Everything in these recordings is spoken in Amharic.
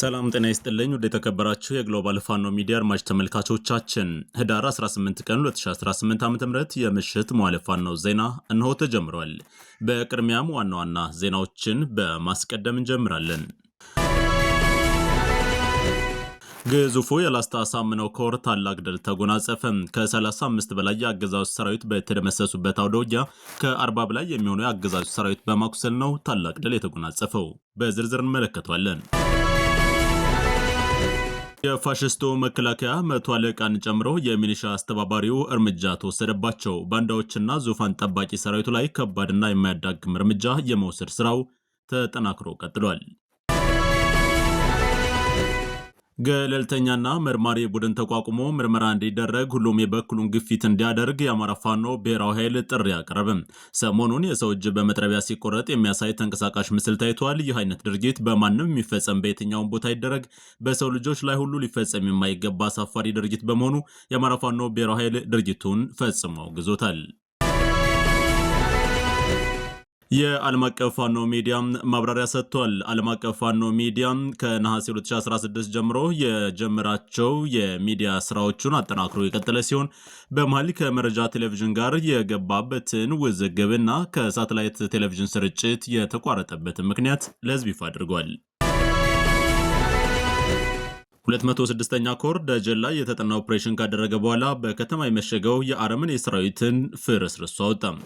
ሰላም ጤና ይስጥልኝ። ወደ የተከበራችሁ የግሎባል ፋኖ ሚዲያ አድማጭ ተመልካቾቻችን ህዳር 18 ቀን 2018 ዓ ም የምሽት መዋለ ፋኖ ዜና እነሆ ተጀምሯል። በቅድሚያም ዋና ዋና ዜናዎችን በማስቀደም እንጀምራለን። ግዙፉ የላስታ ሳምነው ኮር ታላቅ ድል ተጎናጸፈ። ከ35 በላይ የአገዛዙ ሰራዊት በተደመሰሱበት አውደ ውጊያ ከ40 በላይ የሚሆኑ የአገዛዙ ሰራዊት በማኩሰል ነው ታላቅ ድል የተጎናጸፈው። በዝርዝር እንመለከተዋለን። የፋሽስቱ መከላከያ መቶ አለቃን ጨምሮ የሚኒሻ አስተባባሪው እርምጃ ተወሰደባቸው። ባንዳዎችና ዙፋን ጠባቂ ሰራዊቱ ላይ ከባድና የማያዳግም እርምጃ የመውሰድ ስራው ተጠናክሮ ቀጥሏል። ገለልተኛና መርማሪ ቡድን ተቋቁሞ ምርመራ እንዲደረግ ሁሉም የበኩሉን ግፊት እንዲያደርግ የአማራ ፋኖ ብሔራዊ ኃይል ጥሪ አቀረብም። ሰሞኑን የሰው እጅ በመጥረቢያ ሲቆረጥ የሚያሳይ ተንቀሳቃሽ ምስል ታይቷል። ይህ አይነት ድርጊት በማንም የሚፈጸም በየትኛውም ቦታ ይደረግ በሰው ልጆች ላይ ሁሉ ሊፈጸም የማይገባ አሳፋሪ ድርጊት በመሆኑ የአማራ ፋኖ ብሔራዊ ኃይል ድርጊቱን ፈጽሞ አውግዞታል። የዓለም አቀፍ ፋኖ ሚዲያ ማብራሪያ ሰጥቷል። ዓለም አቀፍ ፋኖ ሚዲያ ከነሐሴ 2016 ጀምሮ የጀመራቸው የሚዲያ ስራዎቹን አጠናክሮ የቀጠለ ሲሆን በመሀል ከመረጃ ቴሌቪዥን ጋር የገባበትን ውዝግብና ከሳተላይት ቴሌቪዥን ስርጭት የተቋረጠበትን ምክንያት ለህዝብ ይፋ አድርጓል። 206ኛ ኮር ደጀን ላይ የተጠና ኦፕሬሽን ካደረገ በኋላ በከተማ የመሸገው የአረምን የሰራዊትን ፍርስርሶ አወጣም።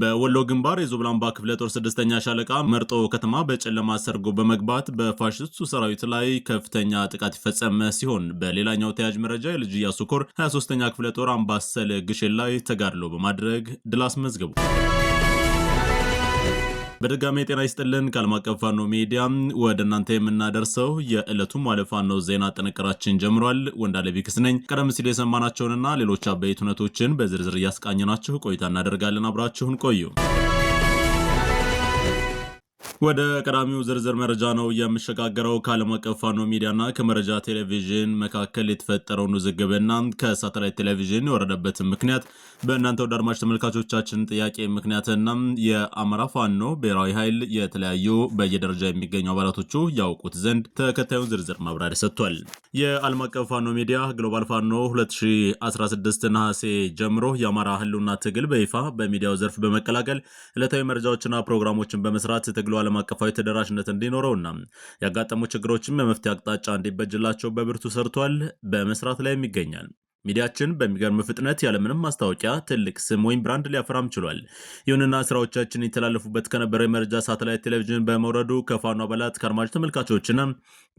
በወሎ ግንባር የዞብላምባ ክፍለ ጦር ስድስተኛ ሻለቃ መርጦ ከተማ በጨለማ ሰርጎ በመግባት በፋሽስቱ ሰራዊት ላይ ከፍተኛ ጥቃት ይፈጸመ ሲሆን በሌላኛው ተያዥ መረጃ የልጅ ኢያሱ 23ኛ ክፍለ ጦር አምባሰል ግሼን ላይ ተጋድሎ በማድረግ ድል አስመዝግቧል። በድጋሚ የጤና ይስጥልን ከዓለም አቀፍ ፋኖ ሚዲያ ወደ እናንተ የምናደርሰው የዕለቱ ዋለ ፋኖ ዜና ጥንቅራችን ጀምሯል። ወንዳለ ቢክስ ነኝ። ቀደም ሲል የሰማናቸውንና ሌሎች አበይት ሁነቶችን በዝርዝር እያስቃኘናችሁ ቆይታ እናደርጋለን። አብራችሁን ቆዩ። ወደ ቀዳሚው ዝርዝር መረጃ ነው የምሸጋገረው። ከዓለም አቀፍ ፋኖ ሚዲያና ከመረጃ ቴሌቪዥን መካከል የተፈጠረውን ውዝግብና ከሳተላይት ቴሌቪዥን የወረደበትን ምክንያት በእናንተ ወደ አድማጭ ተመልካቾቻችን ጥያቄ ምክንያትና የአማራ ፋኖ ብሔራዊ ኃይል የተለያዩ በየደረጃ የሚገኙ አባላቶቹ ያውቁት ዘንድ ተከታዩን ዝርዝር ማብራሪያ ሰጥቷል። የዓለም አቀፍ ፋኖ ሚዲያ ግሎባል ፋኖ 2016 ነሐሴ ጀምሮ የአማራ ህልውና ትግል በይፋ በሚዲያው ዘርፍ በመቀላቀል ዕለታዊ መረጃዎችና ፕሮግራሞችን በመስራት ትግሏል ዓለም አቀፋዊ ተደራሽነት እንዲኖረውና ያጋጠሙ ችግሮችም የመፍትሄ አቅጣጫ እንዲበጅላቸው በብርቱ ሰርቷል፣ በመስራት ላይም ይገኛል። ሚዲያችን በሚገርም ፍጥነት ያለምንም ማስታወቂያ ትልቅ ስም ወይም ብራንድ ሊያፈራም ችሏል። ይሁንና ስራዎቻችን የተላለፉበት ከነበረ የመረጃ ሳተላይት ቴሌቪዥን በመውረዱ ከፋኖ አባላት ከአድማጭ ተመልካቾችና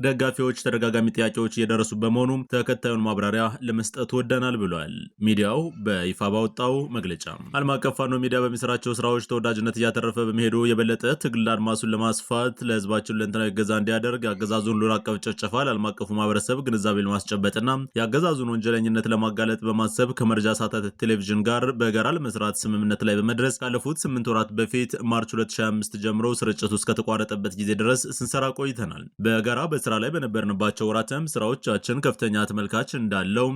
ደጋፊዎች ተደጋጋሚ ጥያቄዎች እየደረሱ በመሆኑ ተከታዩን ማብራሪያ ለመስጠት ወደናል ብሏል። ሚዲያው በይፋ ባወጣው መግለጫ ዓለም አቀፍ ፋኖ ሚዲያ በሚሰራቸው ስራዎች ተወዳጅነት እያተረፈ በመሄዱ የበለጠ ትግል አድማሱን ለማስፋት ለህዝባችን ለንትና ገዛ እንዲያደርግ የአገዛዙን ሉር አቀፍ ጭፍጨፋ ለዓለም አቀፉ ማህበረሰብ ግንዛቤ ለማስጨበጥና የአገዛዙን ወንጀለኝነት ለማጋለጥ በማሰብ ከመረጃ ሳተት ቴሌቪዥን ጋር በጋራ ለመስራት ስምምነት ላይ በመድረስ ካለፉት ስምንት ወራት በፊት ማርች 2025 ጀምሮ ስርጭቱ እስከተቋረጠበት ጊዜ ድረስ ስንሰራ ቆይተናል። በጋራ በስራ ላይ በነበርንባቸው ወራትም ስራዎቻችን ከፍተኛ ተመልካች እንዳለው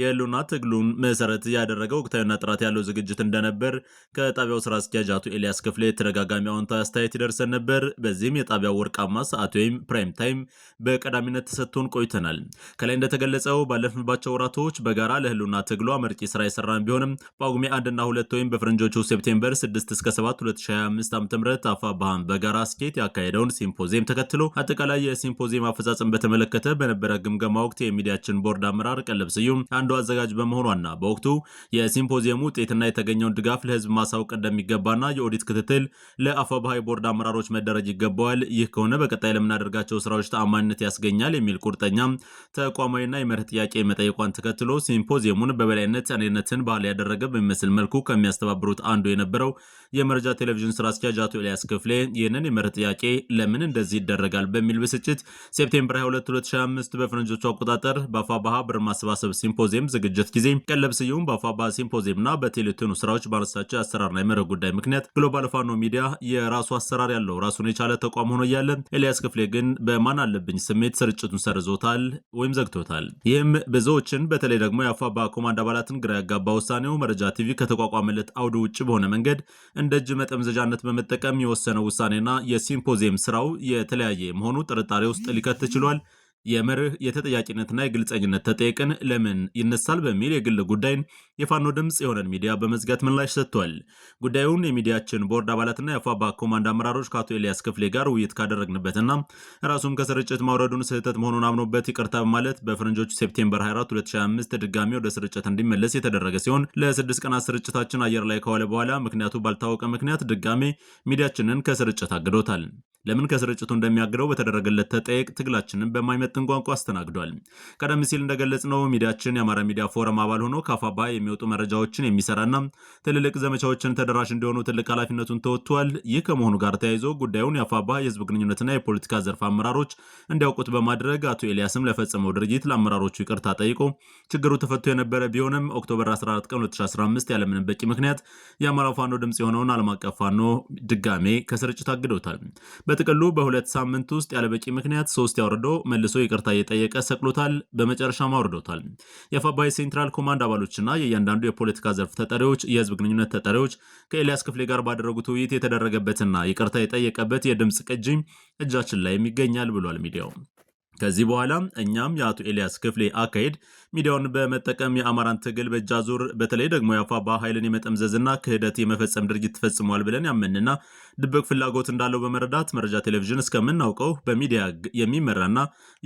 የህልውና ትግሉን መሰረት ያደረገ ወቅታዊና ጥራት ያለው ዝግጅት እንደነበር ከጣቢያው ስራ አስኪያጅ አቶ ኤልያስ ክፍሌ ተደጋጋሚ አዎንታዊ አስተያየት ይደርሰን ነበር። በዚህም የጣቢያው ወርቃማ ሰዓት ወይም ፕራይም ታይም በቀዳሚነት ተሰጥቶን ቆይተናል። ከላይ እንደተገለጸው ባለፍንባቸው ወራቶች በጋ ጋራ ለህልውና ትግሏ መርጭ ስራ የሰራን ቢሆንም በጳጉሜ አንድና ሁለት ወይም በፈረንጆቹ ሴፕቴምበር 6 እስከ 7 2025 ዓ.ም ባህን በጋራ ስኬት ያካሄደውን ሲምፖዚየም ተከትሎ አጠቃላይ የሲምፖዚየም አፈጻጸም በተመለከተ በነበረ ግምገማ ወቅት የሚዲያችን ቦርድ አመራር ቀለብ ስዩም አንዱ አዘጋጅ በመሆኗና በወቅቱ የሲምፖዚየሙ ውጤትና የተገኘውን ድጋፍ ለህዝብ ማሳወቅ እንደሚገባና የኦዲት ክትትል ለአፋብኃ ቦርድ አመራሮች መደረግ ይገባዋል። ይህ ከሆነ በቀጣይ ለምናደርጋቸው ስራዎች ተአማኒነት ያስገኛል የሚል ቁርጠኛ ተቋማዊና የመርህ ጥያቄ መጠየቋን ተከትሎ ሲምፖዚየሙን በበላይነት እኔነትን ባህል ያደረገ በሚመስል መልኩ ከሚያስተባብሩት አንዱ የነበረው የመረጃ ቴሌቪዥን ስራ አስኪያጅ አቶ ኤልያስ ክፍሌ ይህንን የመርህ ጥያቄ ለምን እንደዚህ ይደረጋል በሚል ብስጭት ሴፕቴምበር 22 2025 በፈረንጆቹ አቆጣጠር በአፋባሃ ብር ማሰባሰብ ሲምፖዚየም ዝግጅት ጊዜ ቀለብ ስዩም በአፋባሃ ሲምፖዚየምና በቴሌቶኑ ስራዎች ባነሳቸው የአሰራርና የመርህ ጉዳይ ምክንያት ግሎባል ፋኖ ሚዲያ የራሱ አሰራር ያለው ራሱን የቻለ ተቋም ሆኖ እያለ ኤልያስ ክፍሌ ግን በማን አለብኝ ስሜት ስርጭቱን ሰርዞታል ወይም ዘግቶታል። ይህም ብዙዎችን በተለይ ደግሞ የቀድሞ የአፋባ ኮማንድ አባላትን ግራ ያጋባ ውሳኔው መረጃ ቲቪ ከተቋቋመለት አውድ ውጭ በሆነ መንገድ እንደ እጅ መጠምዘዣነት በመጠቀም የወሰነው ውሳኔና የሲምፖዚየም ስራው የተለያየ መሆኑ ጥርጣሬ ውስጥ ሊከት ችሏል። የመርህ የተጠያቂነትና የግልጸኝነት ተጠየቅን ለምን ይነሳል በሚል የግል ጉዳይን የፋኖ ድምፅ የሆነን ሚዲያ በመዝጋት ምላሽ ሰጥቷል። ጉዳዩን የሚዲያችን ቦርድ አባላትና የአፏባ ኮማንድ አመራሮች ከአቶ ኤልያስ ክፍሌ ጋር ውይይት ካደረግንበትና ራሱም ከስርጭት ማውረዱን ስህተት መሆኑን አምኖበት ይቅርታ በማለት በፈረንጆቹ ሴፕቴምበር 24 2025 ድጋሚ ወደ ስርጭት እንዲመለስ የተደረገ ሲሆን ለስድስት ቀናት ስርጭታችን አየር ላይ ከዋለ በኋላ ምክንያቱ ባልታወቀ ምክንያት ድጋሜ ሚዲያችንን ከስርጭት አግዶታል። ለምን ከስርጭቱ እንደሚያግደው በተደረገለት ተጠየቅ ትግላችንን በማይመጥን ቋንቋ አስተናግዷል። ቀደም ሲል እንደገለጽነው ሚዲያችን የአማራ ሚዲያ ፎረም አባል ሆኖ ከአፋባ የሚወጡ መረጃዎችን የሚሰራና ትልልቅ ዘመቻዎችን ተደራሽ እንዲሆኑ ትልቅ ኃላፊነቱን ተወጥቷል። ይህ ከመሆኑ ጋር ተያይዞ ጉዳዩን የአፋባ የህዝብ ግንኙነትና የፖለቲካ ዘርፍ አመራሮች እንዲያውቁት በማድረግ አቶ ኤልያስም ለፈጸመው ድርጊት ለአመራሮቹ ይቅርታ ጠይቆ ችግሩ ተፈቶ የነበረ ቢሆንም ኦክቶበር 14 ቀን 2015 ያለምንም በቂ ምክንያት የአማራ ፋኖ ድምፅ የሆነውን ዓለም አቀፍ ፋኖ ድጋሜ ከስርጭት አግደውታል። በጥቅሉ በሁለት ሳምንት ውስጥ ያለበቂ ምክንያት ሶስት ያወርዶ መልሶ ይቅርታ እየጠየቀ ሰቅሎታል። በመጨረሻም አውርዶታል። የፋባይ ሴንትራል ኮማንድ አባሎችና የእያንዳንዱ የፖለቲካ ዘርፍ ተጠሪዎች፣ የህዝብ ግንኙነት ተጠሪዎች ከኤልያስ ክፍሌ ጋር ባደረጉት ውይይት የተደረገበትና ይቅርታ የጠየቀበት የድምፅ ቅጂ እጃችን ላይም ይገኛል ብሏል ሚዲያው። ከዚህ በኋላ እኛም የአቶ ኤልያስ ክፍሌ አካሄድ ሚዲያውን በመጠቀም የአማራን ትግል በእጃ ዙር በተለይ ደግሞ የአፋባ ኃይልን የመጠምዘዝና ክህደት የመፈጸም ድርጊት ፈጽሟል ብለን ያመንና ድብቅ ፍላጎት እንዳለው በመረዳት መረጃ ቴሌቪዥን እስከምናውቀው በሚዲያ የሚመራና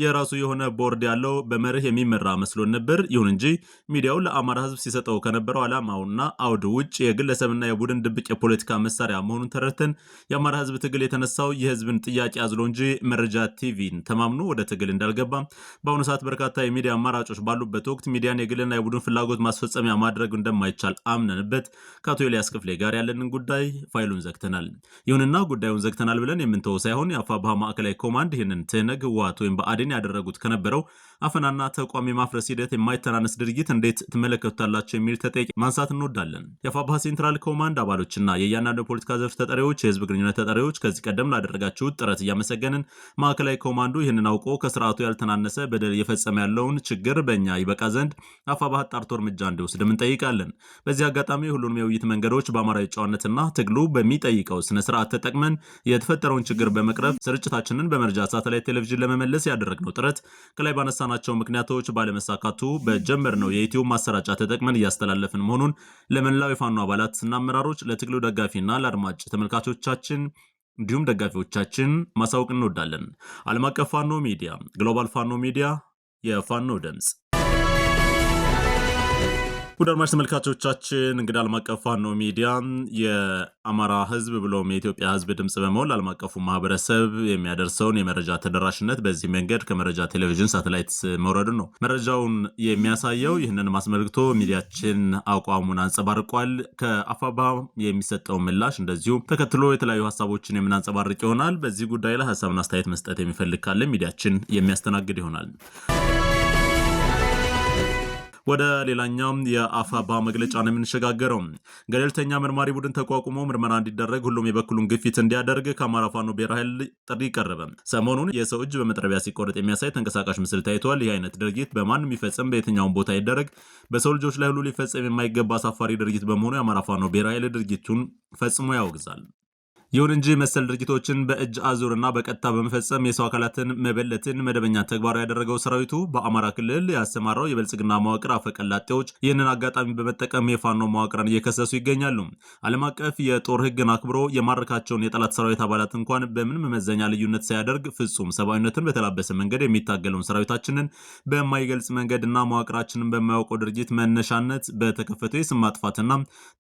የራሱ የሆነ ቦርድ ያለው በመርህ የሚመራ መስሎን ነበር። ይሁን እንጂ ሚዲያው ለአማራ ሕዝብ ሲሰጠው ከነበረው ዓላማውና አውድ ውጭ የግለሰብና የቡድን ድብቅ የፖለቲካ መሳሪያ መሆኑን ተረድተን የአማራ ሕዝብ ትግል የተነሳው የሕዝብን ጥያቄ አዝሎ እንጂ መረጃ ቲቪን ተማምኖ ወደ ትግል እንዳልገባ በአሁኑ ሰዓት በርካታ የሚዲያ አማራጮች ባሉበት ወቅት ሚዲያን የግልና የቡድን ፍላጎት ማስፈጸሚያ ማድረግ እንደማይቻል አምነንበት ከአቶ ኤልያስ ክፍሌ ጋር ያለንን ጉዳይ ፋይሉን ዘግተናል። ይሁንና ጉዳዩን ዘግተናል ብለን የምንተወው ሳይሆን የአፋብኃ ማዕከላዊ ኮማንድ ይህንን ትህነግ ህወሓት ወይም በአዴን ያደረጉት ከነበረው አፈናና ተቋም የማፍረስ ሂደት የማይተናነስ ድርጊት እንዴት ትመለከቱታላቸው የሚል ተጠያቂ ማንሳት እንወዳለን። የአፋብኃ ሴንትራል ኮማንድ አባሎችና የእያንዳንዱ የፖለቲካ ዘርፍ ተጠሪዎች፣ የህዝብ ግንኙነት ተጠሪዎች ከዚህ ቀደም ላደረጋችሁት ጥረት እያመሰገንን ማዕከላዊ ኮማንዱ ይህንን አውቆ ከስርዓቱ ያልተናነሰ በደል እየፈጸመ ያለውን ችግር በእኛ ይበቃ ዘንድ አፋባህ አጣርቶ እርምጃ እንዲወስድም እንጠይቃለን። በዚህ አጋጣሚ ሁሉንም የውይይት መንገዶች በአማራዊ ጨዋነትና ትግሉ በሚጠይቀው ስነ ስርዓት ተጠቅመን የተፈጠረውን ችግር በመቅረብ ስርጭታችንን በመርጃ ሳተላይት ቴሌቪዥን ለመመለስ ያደረግነው ጥረት ከላይ ባነሳናቸው ምክንያቶች ባለመሳካቱ በጀመርነው የኢትዮ ማሰራጫ ተጠቅመን እያስተላለፍን መሆኑን ለመላው የፋኖ አባላትና አመራሮች ለትግሉ ደጋፊና ለአድማጭ ተመልካቾቻችን እንዲሁም ደጋፊዎቻችን ማሳወቅ እንወዳለን። ዓለም አቀፍ ፋኖ ሚዲያ፣ ግሎባል ፋኖ ሚዲያ፣ የፋኖ ድምፅ ውድ አድማጭ ተመልካቾቻችን እንግዲህ ዓለም አቀፍ ፋኖ ሚዲያ የአማራ ህዝብ ብሎም የኢትዮጵያ ህዝብ ድምፅ በመሆን ለዓለም አቀፉ ማህበረሰብ የሚያደርሰውን የመረጃ ተደራሽነት በዚህ መንገድ ከመረጃ ቴሌቪዥን ሳተላይት መውረዱን ነው መረጃውን የሚያሳየው። ይህንን አስመልክቶ ሚዲያችን አቋሙን አንጸባርቋል። ከአፋባ የሚሰጠው ምላሽ እንደዚሁ ተከትሎ የተለያዩ ሀሳቦችን የምናንጸባርቅ ይሆናል። በዚህ ጉዳይ ላይ ሀሳብና አስተያየት መስጠት የሚፈልግ ካለ ሚዲያችን የሚያስተናግድ ይሆናል። ወደ ሌላኛው የአፋባ መግለጫ ነው የምንሸጋገረው። ገለልተኛ መርማሪ ቡድን ተቋቁሞ ምርመራ እንዲደረግ ሁሉም የበኩሉን ግፊት እንዲያደርግ ከአማራ ፋኖ ብሔራዊ ኃይል ጥሪ ቀረበ። ሰሞኑን የሰው እጅ በመጥረቢያ ሲቆረጥ የሚያሳይ ተንቀሳቃሽ ምስል ታይቷል። ይህ አይነት ድርጊት በማንም ይፈጸም በየትኛውም ቦታ ይደረግ በሰው ልጆች ላይ ሁሉ ሊፈጸም የማይገባ አሳፋሪ ድርጊት በመሆኑ የአማራ ፋኖ ብሔራዊ ኃይል ድርጊቱን ፈጽሞ ያወግዛል። ይሁን እንጂ መሰል ድርጊቶችን በእጅ አዙርና በቀጥታ በመፈጸም የሰው አካላትን መበለትን መደበኛ ተግባሩ ያደረገው ሰራዊቱ በአማራ ክልል ያሰማራው የብልጽግና መዋቅር አፈቀላጤዎች ይህንን አጋጣሚ በመጠቀም የፋኖ መዋቅርን እየከሰሱ ይገኛሉ። ዓለም አቀፍ የጦር ሕግን አክብሮ የማረካቸውን የጠላት ሰራዊት አባላት እንኳን በምን መመዘኛ ልዩነት ሳያደርግ ፍጹም ሰብአዊነትን በተላበሰ መንገድ የሚታገለውን ሰራዊታችንን በማይገልጽ መንገድና መዋቅራችንን በማያውቀው ድርጅት መነሻነት በተከፈተው የስም ማጥፋትና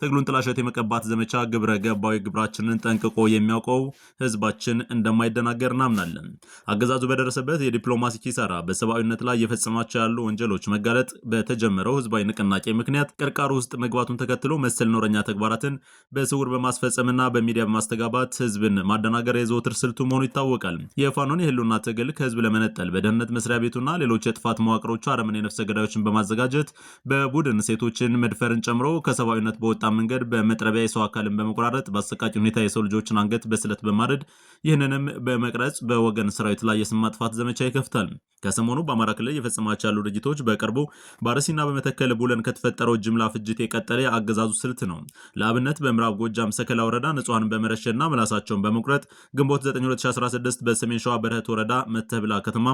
ትግሉን ጥላሸት የመቀባት ዘመቻ ግብረ ገባዊ ግብራችንን ጠንቅቆ ጠንቅቆ የሚያውቀው ህዝባችን እንደማይደናገር እናምናለን። አገዛዙ በደረሰበት የዲፕሎማሲ ኪሳራ በሰብአዊነት ላይ የፈጸማቸው ያሉ ወንጀሎች መጋለጥ በተጀመረው ህዝባዊ ንቅናቄ ምክንያት ቅርቃር ውስጥ መግባቱን ተከትሎ መሰል ኖረኛ ተግባራትን በስውር በማስፈጸምና በሚዲያ በማስተጋባት ህዝብን ማደናገር የዘወትር ስልቱ መሆኑ ይታወቃል። የፋኖን የህልውና ትግል ከህዝብ ለመነጠል በደህንነት መስሪያ ቤቱና ሌሎች የጥፋት መዋቅሮቹ አረመኔ የነፍሰ ገዳዮችን በማዘጋጀት በቡድን ሴቶችን መድፈርን ጨምሮ ከሰብአዊነት በወጣ መንገድ በመጥረቢያ የሰው አካልን በመቆራረጥ በአሰቃቂ ሁኔታ የሰው ልጆች የታጣቂዎችን አንገት በስለት በማረድ ይህንንም በመቅረጽ በወገን ሰራዊት ላይ የስም ማጥፋት ዘመቻ ይከፍታል። ከሰሞኑ በአማራ ክልል የፈጸማቸው ያሉ ድርጊቶች በቅርቡ በአርሲና በመተከል ቡለን ከተፈጠረው ጅምላ ፍጅት የቀጠለ አገዛዙ ስልት ነው። ለአብነት በምዕራብ ጎጃም ሰከላ ወረዳ ንጹሐን በመረሸና ምላሳቸውን በመቁረጥ ግንቦት 92016 በሰሜን ሸዋ በረህት ወረዳ መተብላ ከተማ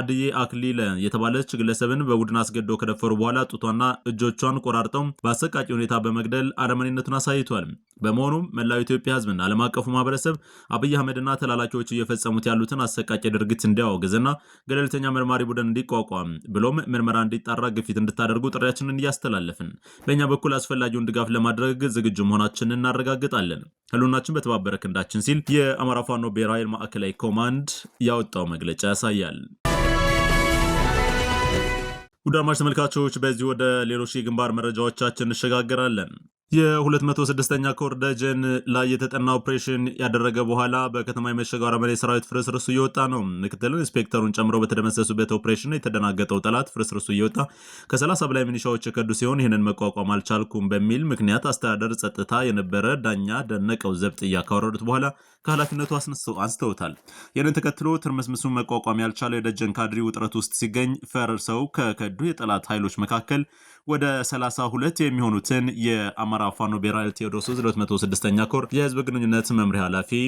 አድዬ አክሊለ የተባለች ግለሰብን በቡድን አስገድዶ ከደፈሩ በኋላ ጡቷና እጆቿን ቆራርጠው በአሰቃቂ ሁኔታ በመግደል አረመኔነቱን አሳይቷል። በመሆኑም መላው ኢትዮጵያ ህዝብና ዓለም አቀፉ ማህበረሰብ አብይ አህመድና ተላላኪዎቹ እየፈጸሙት ያሉትን አሰቃቂ ድርጊት እንዲያወግዝና ገለልተኛ መርማሪ ቡድን እንዲቋቋም ብሎም ምርመራ እንዲጣራ ግፊት እንድታደርጉ ጥሪያችንን እያስተላለፍን በእኛ በኩል አስፈላጊውን ድጋፍ ለማድረግ ዝግጁ መሆናችንን እናረጋግጣለን። ህሉናችን በተባበረ ክንዳችን ሲል የአማራ ፋኖ ብሔራዊ ማዕከላዊ ኮማንድ ያወጣው መግለጫ ያሳያል። ውድ አድማጭ ተመልካቾች በዚህ ወደ ሌሎች የግንባር መረጃዎቻችን እንሸጋገራለን። የ206ኛ ኮር ደጀን ላይ የተጠና ኦፕሬሽን ያደረገ በኋላ በከተማ የመሸገው አረመኔ ሰራዊት ፍርስርሱ እየወጣ ነው። ምክትል ኢንስፔክተሩን ጨምሮ በተደመሰሱበት ኦፕሬሽን የተደናገጠው ጠላት ፍርስርሱ እየወጣ ከ30 በላይ ሚኒሻዎች የከዱ ሲሆን ይህንን መቋቋም አልቻልኩም በሚል ምክንያት አስተዳደር ጸጥታ የነበረ ዳኛ ደነቀው ዘብጥያ ካወረዱት በኋላ ከኃላፊነቱ አንስተውታል። ይህንን ተከትሎ ትርምስምሱን መቋቋም ያልቻለው የደጀን ካድሪ ውጥረት ውስጥ ሲገኝ ፈረርሰው ከከዱ የጠላት ኃይሎች መካከል ወደ 32 የሚሆኑትን የአማራ ፋኖ ብሔራዊ ቴዎድሮስ 206ኛ ኮር የህዝብ ግንኙነት መምሪያ ኃላፊ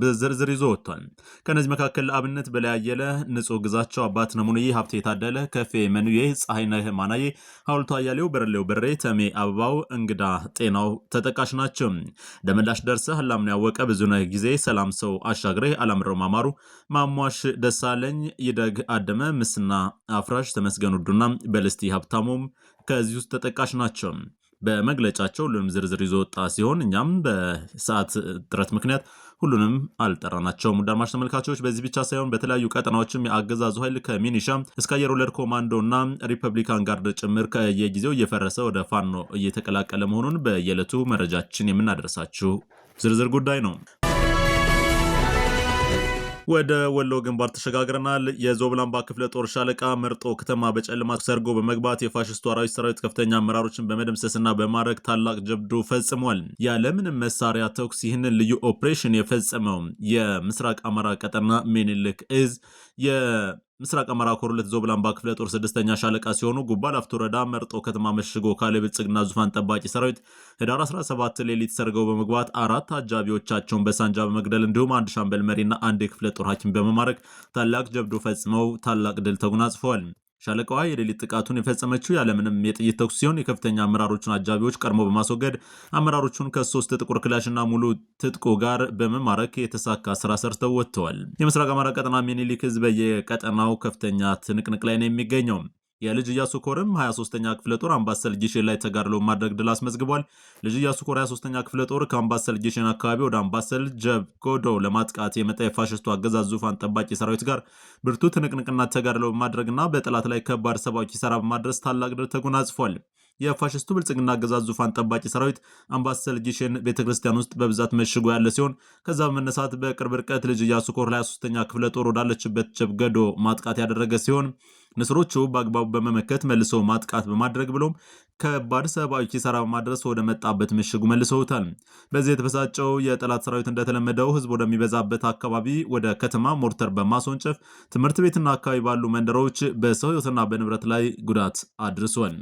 በዝርዝር ይዞ ወጥቷል። ከእነዚህ መካከል አብነት በላይ አየለ፣ ንጹህ ግዛቸው፣ አባት ነሙንዬ፣ ሀብቴ የታደለ፣ ከፌ መኑዬ፣ ፀሐይነህ ማናዬ፣ ሀውልቱ አያሌው፣ በረሌው ብሬ፣ ተሜ አበባው፣ እንግዳ ጤናው ተጠቃሽ ናቸው። ደመላሽ ደርሰ፣ አላምነው ያወቀ፣ ብዙነህ ጊዜ፣ ሰላም ሰው አሻግሬ፣ አላምረው ማማሩ፣ ማሟሽ ደሳለኝ፣ ይደግ አደመ፣ ምስና አፍራሽ፣ ተመስገን ውዱና በልስቲ ሀብታሙም ከዚህ ውስጥ ተጠቃሽ ናቸው። በመግለጫቸው ሁሉንም ዝርዝር ይዞ ወጣ ሲሆን እኛም በሰዓት ጥረት ምክንያት ሁሉንም አልጠራናቸውም። ውዳማሽ ተመልካቾች በዚህ ብቻ ሳይሆን በተለያዩ ቀጠናዎችም የአገዛዙ ኃይል ከሚኒሻ እስከ አየር ወለድ ኮማንዶና ሪፐብሊካን ጋርድ ጭምር ከየጊዜው እየፈረሰ ወደ ፋኖ እየተቀላቀለ መሆኑን በየዕለቱ መረጃችን የምናደርሳችሁ ዝርዝር ጉዳይ ነው። ወደ ወሎ ግንባር ተሸጋግረናል። የዞብላምባ ክፍለ ጦር ሻለቃ መርጦ ከተማ በጨለማ ሰርጎ በመግባት የፋሽስቱ አራዊት ሰራዊት ከፍተኛ አመራሮችን በመደምሰስና በማድረግ ታላቅ ጀብዱ ፈጽሟል። ያለምንም መሳሪያ ተኩስ ይህንን ልዩ ኦፕሬሽን የፈጸመው የምስራቅ አማራ ቀጠና ሜንልክ እዝ ምስራቅ አማራ ኮር ሁለት ዞብላምባ ክፍለ ጦር ስድስተኛ ሻለቃ ሲሆኑ ጉባ ላፍቶ ወረዳ መርጦ ከተማ መሽጎ ካለ ብልጽግና ዙፋን ጠባቂ ሰራዊት ህዳር 17 ሌሊት ሰርገው በመግባት አራት አጃቢዎቻቸውን በሳንጃ በመግደል እንዲሁም አንድ ሻምበል መሪና አንድ የክፍለ ጦር ሐኪም በመማረክ ታላቅ ጀብዶ ፈጽመው ታላቅ ድል ተጎናጽፈዋል። ሻለቃዋ የሌሊት ጥቃቱን የፈጸመችው ያለምንም የጥይት ተኩስ ሲሆን የከፍተኛ አመራሮቹን አጃቢዎች ቀድሞ በማስወገድ አመራሮቹን ከሶስት ጥቁር ክላሽና ሙሉ ትጥቁ ጋር በመማረክ የተሳካ ስራ ሰርተው ወጥተዋል። የምስራቅ አማራ ቀጠና ሚኒሊክ ህዝብ የቀጠናው ከፍተኛ ትንቅንቅ ላይ ነው የሚገኘው። የልጅ ኢያሱ ኮርም 23ኛ ክፍለ ጦር አምባሰል ጊሼን ላይ ተጋድሎ ማድረግ ድል አስመዝግቧል። ልጅ ኢያሱ ኮር 23ኛ ክፍለ ጦር ከአምባሰል ጊሼን አካባቢ ወደ አምባሰል ጀብጎዶ ለማጥቃት የመጣ የፋሽስቱ አገዛዝ ዙፋን ጠባቂ ሰራዊት ጋር ብርቱ ትንቅንቅና ተጋድሎ በማድረግና በጠላት ላይ ከባድ ሰብአዊ ኪሳራ በማድረስ ታላቅ ድል ተጎናጽፏል። የፋሽስቱ ብልጽግና አገዛዝ ዙፋን ጠባቂ ሰራዊት አምባሰል ጊሼን ቤተክርስቲያን ውስጥ በብዛት መሽጎ ያለ ሲሆን ከዛ በመነሳት በቅርብ ርቀት ልጅ ኢያሱ ኮር 23ኛ ክፍለ ጦር ወዳለችበት ገዶ ማጥቃት ያደረገ ሲሆን ንስሮቹ በአግባቡ በመመከት መልሶ ማጥቃት በማድረግ ብሎም ከባድ ሰብአዊ ኪሳራ በማድረስ ወደ መጣበት ምሽጉ መልሰውታል። በዚህ የተበሳጨው የጠላት ሰራዊት እንደተለመደው ህዝብ ወደሚበዛበት አካባቢ ወደ ከተማ ሞርተር በማስወንጨፍ ትምህርት ቤትና አካባቢ ባሉ መንደሮች በሰው ህይወትና በንብረት ላይ ጉዳት አድርሷል።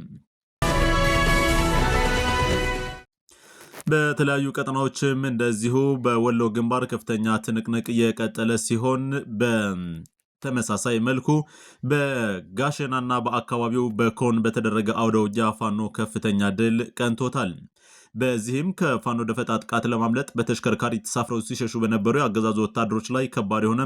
በተለያዩ ቀጠናዎችም እንደዚሁ በወሎ ግንባር ከፍተኛ ትንቅንቅ እየቀጠለ ሲሆን በ ተመሳሳይ መልኩ በጋሸናና በአካባቢው በኮን በተደረገ አውደ ፋኖ ከፍተኛ ድል ቀንቶታል። በዚህም ከፋኖ ደፈጣ ጥቃት ለማምለጥ በተሽከርካሪ ተሳፍረው ሲሸሹ በነበሩ የአገዛዙ ወታደሮች ላይ ከባድ የሆነ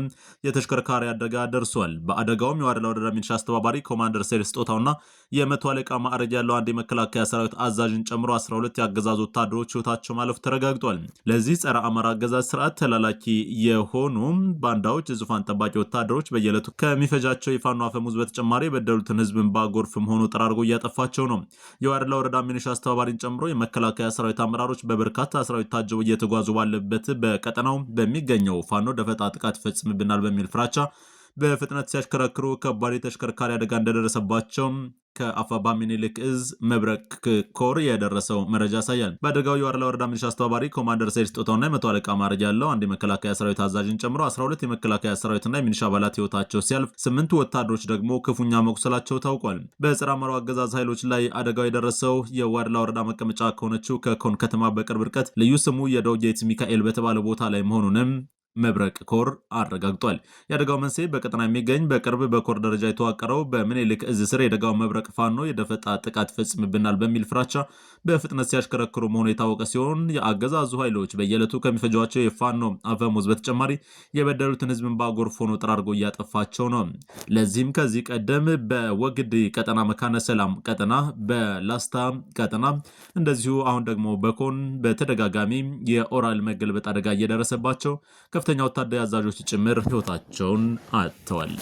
የተሽከርካሪ አደጋ ደርሷል። በአደጋውም የዋደላ ወረዳ ሚሊሻ አስተባባሪ ኮማንደር ሴል ስጦታውና የመቶ አለቃ ማዕረግ ያለው አንድ የመከላከያ ሰራዊት አዛዥን ጨምሮ 12 የአገዛዙ ወታደሮች ህይወታቸው ማለፍ ተረጋግጧል። ለዚህ ጸረ አማራ አገዛዝ ስርዓት ተላላኪ የሆኑ ባንዳዎች የዙፋን ጠባቂ ወታደሮች በየዕለቱ ከሚፈጃቸው የፋኖ አፈሙዝ በተጨማሪ የበደሉትን ህዝብን ባጎርፍም ሆኖ ጠራርጎ እያጠፋቸው ነው። የዋደላ ወረዳ ሚሊሻ አስተባባሪን ጨምሮ የመከላከያ የሰራዊት አመራሮች በበርካታ ሰራዊት ታጅበው እየተጓዙ ባለበት በቀጠናው በሚገኘው ፋኖ ደፈጣ ጥቃት ይፈጽምብናል በሚል ፍራቻ በፍጥነት ሲያሽከረክሩ ከባድ የተሽከርካሪ አደጋ እንደደረሰባቸው ከአፋባ ሚኒሊክ እዝ መብረቅ ኮር የደረሰው መረጃ ያሳያል። በአደጋው የዋርላ ወረዳ ምንሽ አስተባባሪ ኮማንደር ሰይድ ስጦታውና የመቶ አለቃ ማዕረግ ያለው አንድ የመከላከያ ሰራዊት አዛዥን ጨምሮ 12 የመከላከያ ሰራዊትና የሚኒሻ አባላት ህይወታቸው ሲያልፍ፣ ስምንቱ ወታደሮች ደግሞ ክፉኛ መቁሰላቸው ታውቋል። በጸረ አማራ አገዛዝ ኃይሎች ላይ አደጋው የደረሰው የዋርላ ወረዳ መቀመጫ ከሆነችው ከኮን ከተማ በቅርብ ርቀት ልዩ ስሙ የዶጌት ሚካኤል በተባለ ቦታ ላይ መሆኑንም መብረቅ ኮር አረጋግጧል። የአደጋው መንስኤ በቀጠና የሚገኝ በቅርብ በኮር ደረጃ የተዋቀረው በምኒልክ እዝ ስር የደጋው መብረቅ ፋኖ የደፈጣ ጥቃት ፈጽምብናል በሚል ፍራቻ በፍጥነት ሲያሽከረክሩ መሆኑ የታወቀ ሲሆን የአገዛዙ ኃይሎች በየዕለቱ ከሚፈጇቸው የፋኖ አፈሙዝ በተጨማሪ የበደሉትን ሕዝብን ባጎርፍ ሆኖ ጠራርጎ እያጠፋቸው ነው። ለዚህም ከዚህ ቀደም በወግድ ቀጠና፣ መካነ ሰላም ቀጠና፣ በላስታ ቀጠና እንደዚሁ አሁን ደግሞ በኮን በተደጋጋሚ የኦራል መገልበጥ አደጋ እየደረሰባቸው ከፍተኛ ወታደራዊ አዛዦች ጭምር ህይወታቸውን አጥተዋል።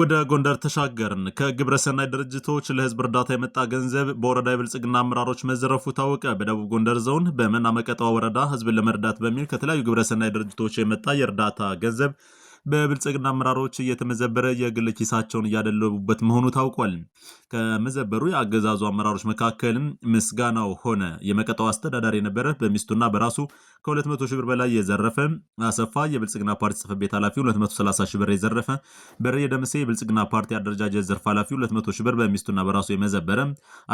ወደ ጎንደር ተሻገርን። ከግብረሰናይ ድርጅቶች ለህዝብ እርዳታ የመጣ ገንዘብ በወረዳ የብልጽግና አመራሮች መዘረፉ ታወቀ። በደቡብ ጎንደር ዞን በመና መቀጠዋ ወረዳ ህዝብን ለመርዳት በሚል ከተለያዩ ግብረሰናይ ድርጅቶች የመጣ የእርዳታ ገንዘብ በብልጽግና አመራሮች እየተመዘበረ የግል ኪሳቸውን እያደለቡበት መሆኑ ታውቋል። ከመዘበሩ የአገዛዙ አመራሮች መካከልም ምስጋናው ሆነ የመቀጠው አስተዳዳሪ የነበረ በሚስቱና በራሱ ከ200 ሺህ ብር በላይ የዘረፈ፣ አሰፋ የብልጽግና ፓርቲ ጽሕፈት ቤት ኃላፊ 230 ሺህ ብር የዘረፈ፣ በሬ ደምሴ የብልጽግና ፓርቲ አደረጃጀት ዘርፍ ኃላፊ 200 ሺህ ብር በሚስቱና በራሱ የመዘበረ፣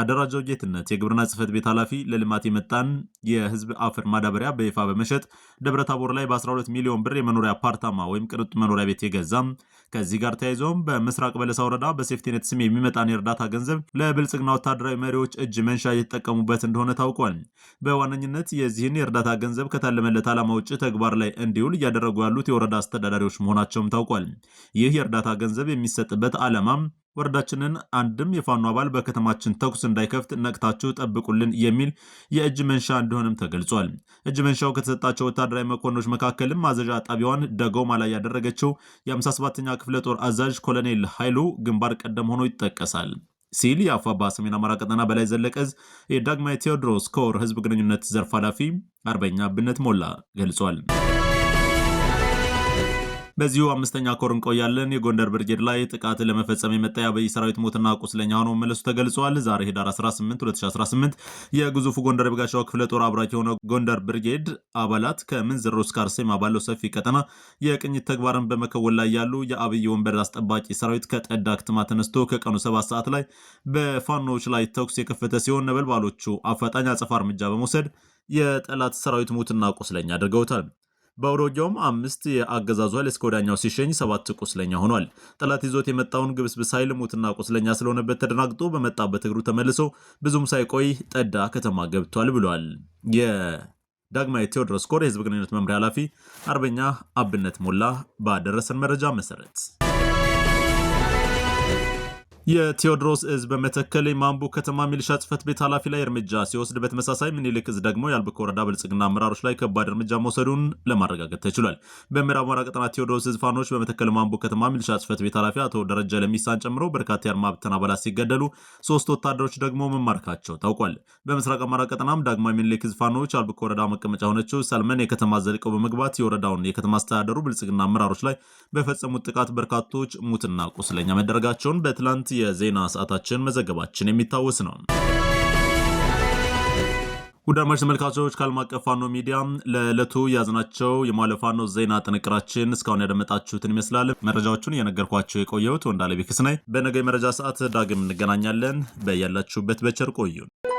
አደራጃው ጌትነት የግብርና ጽሕፈት ቤት ኃላፊ ለልማት የመጣን የህዝብ አፈር ማዳበሪያ በይፋ በመሸጥ ደብረታቦር ላይ በ12 ሚሊዮን ብር የመኖሪያ አፓርታማ ወይም ቅንጡ መኖሪያ ቤት የገዛም ከዚህ ጋር ተያይዘውም በምስራቅ በለሳ ወረዳ በሴፍቲነት ስም የሚመጣን የእርዳታ ገንዘብ ለብልጽግና ወታደራዊ መሪዎች እጅ መንሻ እየተጠቀሙበት እንደሆነ ታውቋል። በዋነኝነት የዚህን የእርዳታ ገንዘብ ከታለመለት ዓላማ ውጭ ተግባር ላይ እንዲውል እያደረጉ ያሉት የወረዳ አስተዳዳሪዎች መሆናቸውም ታውቋል። ይህ የእርዳታ ገንዘብ የሚሰጥበት ዓላማም ወረዳችንን አንድም የፋኖ አባል በከተማችን ተኩስ እንዳይከፍት ነቅታችሁ ጠብቁልን የሚል የእጅ መንሻ እንደሆነም ተገልጿል። እጅ መንሻው ከተሰጣቸው ወታደራዊ መኮንኖች መካከልም ማዘዣ ጣቢያዋን ደጎማ ላይ ያደረገችው የ57ኛ ክፍለ ጦር አዛዥ ኮሎኔል ኃይሉ ግንባር ቀደም ሆኖ ይጠቀሳል ሲል የአፋባ ሰሜን አማራ ቀጠና በላይ ዘለቀዝ የዳግማዊ ቴዎድሮስ ኮር ህዝብ ግንኙነት ዘርፍ ኃላፊ አርበኛ ብነት ሞላ ገልጿል። በዚሁ አምስተኛ ኮር እንቆያለን። የጎንደር ብርጌድ ላይ ጥቃት ለመፈጸም የመጣ የአብይ ሰራዊት ሞትና ቁስለኛ ሆኖ መመለሱ ተገልጿል። ዛሬ ኅዳር 18 2018 የግዙፉ ጎንደር የበጋሻው ክፍለ ጦር አብራክ የሆነ ጎንደር ብርጌድ አባላት ከምንዝሮ እስከ አርሴማ ባለው ሰፊ ቀጠና የቅኝት ተግባርን በመከወል ላይ ያሉ የአብይ ወንበር አስጠባቂ ሰራዊት ከጠዳ ክትማ ተነስቶ ከቀኑ ሰባት ሰዓት ላይ በፋኖዎች ላይ ተኩስ የከፈተ ሲሆን ነበልባሎቹ አፋጣኝ አጸፋ እርምጃ በመውሰድ የጠላት ሰራዊት ሙትና ቁስለኛ አድርገውታል። በአውሮጃውም አምስት የአገዛዙ ኃይል እስከ ወዳኛው ሲሸኝ ሰባት ቁስለኛ ሆኗል። ጠላት ይዞት የመጣውን ግብስብስ ኃይል ሙትና ቁስለኛ ስለሆነበት ተደናግጦ በመጣበት እግሩ ተመልሶ ብዙም ሳይቆይ ጠዳ ከተማ ገብቷል ብሏል። የዳግማዊ ቴዎድሮስ ኮር የህዝብ ግንኙነት መምሪያ ኃላፊ አርበኛ አብነት ሞላ ባደረሰን መረጃ መሰረት የቴዎድሮስ እዝ በመተከል የማንቦ ከተማ ሚሊሻ ጽህፈት ቤት ኃላፊ ላይ እርምጃ ሲወስድ፣ በተመሳሳይ ምኒልክ እዝ ደግሞ የአልብኮ ወረዳ ብልጽግና አመራሮች ላይ ከባድ እርምጃ መውሰዱን ለማረጋገጥ ተችሏል። በምዕራብ አማራ ቀጠና ቴዎድሮስ እዝ ፋኖች በመተከል ማንቡ ከተማ ሚሊሻ ጽህፈት ቤት ኃላፊ አቶ ደረጀ ለሚሳን ጨምሮ በርካታ የአድማ ብተና አባላት ሲገደሉ፣ ሶስት ወታደሮች ደግሞ መማረካቸው ታውቋል። በምስራቅ አማራ ቀጠናም ዳግማዊ ምኒልክ እዝ ፋኖች ወረዳ መቀመጫ ሆነችው ሰልመን የከተማ ዘልቀው በመግባት የወረዳውን የከተማ አስተዳደሩ ብልጽግና አመራሮች ላይ በፈጸሙት ጥቃት በርካቶች ሙትና ቁስለኛ መደረጋቸውን በትላንት የዜና ሰዓታችን መዘገባችን የሚታወስ ነው። ውድ ተመልካቾች ከዓለም አቀፍ ፋኖ ሚዲያ ለዕለቱ ያዝናቸው የማለ ፋኖ ዜና ጥንቅራችን እስካሁን ያደመጣችሁትን ይመስላል። መረጃዎቹን እየነገርኳቸው የቆየሁት ወንዳለ ቢክስ ነኝ። በነገ የመረጃ ሰዓት ዳግም እንገናኛለን። በያላችሁበት በቸር ቆዩን።